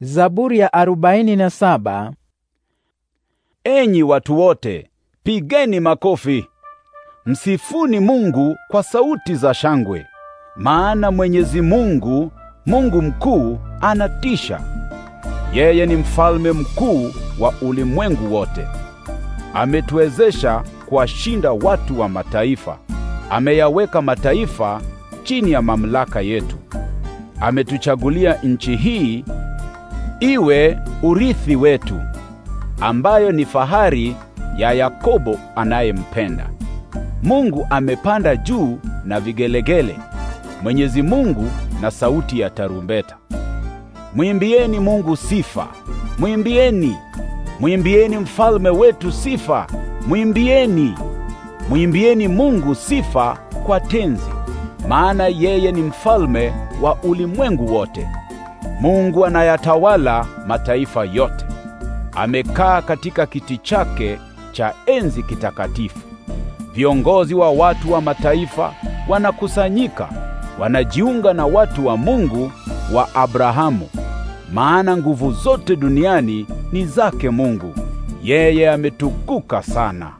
Zaburi ya arobaini na saba. Enyi watu wote, pigeni makofi, msifuni Mungu kwa sauti za shangwe, maana Mwenyezi Mungu, Mungu mkuu, anatisha. Yeye ni mfalme mkuu wa ulimwengu wote. Ametuwezesha kuwashinda watu wa mataifa, ameyaweka mataifa chini ya mamlaka yetu. Ametuchagulia nchi hii iwe urithi wetu, ambayo ni fahari ya Yakobo anayempenda. Mungu amepanda juu na vigelegele, Mwenyezi Mungu na sauti ya tarumbeta. Mwimbieni Mungu sifa, mwimbieni, mwimbieni mfalme wetu sifa, mwimbieni, mwimbieni Mungu sifa kwa tenzi, maana yeye ni mfalme wa ulimwengu wote. Mungu anayatawala mataifa yote. Amekaa katika kiti chake cha enzi kitakatifu. Viongozi wa watu wa mataifa wanakusanyika, wanajiunga na watu wa Mungu wa Abrahamu. Maana nguvu zote duniani ni zake Mungu. Yeye ametukuka sana.